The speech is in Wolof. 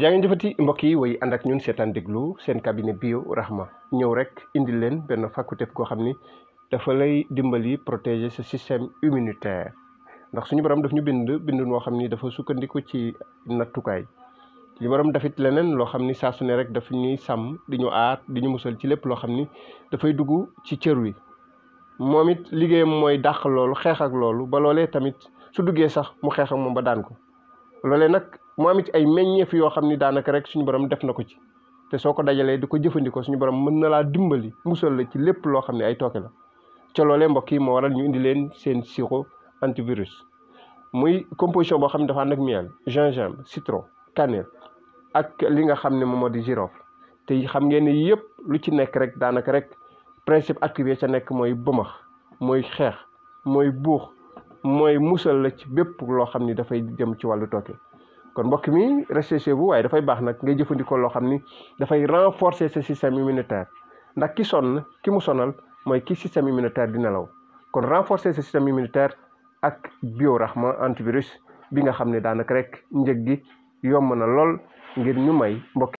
jaa ngeen jëfati mbokk yi way ànd ak ñun seetaan déglu seen cabinet bio rahma ñëw rek indil leen benn faculté koo xam ni dafa lay dimbali protéger sa système immunitaire ndax suñu borom daf ñu bind bindu noo xam ni dafa sukkandiku ci nattukaay suñu borom dafit leneen loo xam ni saa su rek daf ñuy sàmm di ñu aar di ñu musal ci lépp loo xam ni dafay dugg ci cër wi moom it liggéeyam mooy dàq loolu xeex ak loolu ba loolee tamit su duggee sax mu xeex moom ba daan ko loolee nag mu am ci ay meññeef yoo xam ni daanaka rek suñu borom def na ko ci te soo ko dajalee di ko jëfandikoo suñu borom mën na laa dimbali musal la ci lépp loo xam ne ay tooke la ca loolee mbokk yi moo waral ñu indi leen seen sirop antivirus. muy composition boo xam ne dafa nag ak miel gingembre citron cannelle ak li nga xam ne moom moo di girofle te xam ngeen ni yëpp lu ci nekk rek daanaka rek principe actif ca nekk mooy bëmax mooy xeex mooy buux. mooy musal la ci bépp loo xam ni dafay jëm ci wàllu tooke kon mbokk mi recherche bu waaye dafay baax nag ngay jëfandikoo loo xam ni dafay renforcer sa système immunitaire ndax ki sonn ki mu sonal mooy ki système immunitaire di nelaw kon renforcer sa système immunitaire ak biorahma antivirus bi nga xam ne daanaka rek njëg gi yomb na lool ngir ñu may mbokk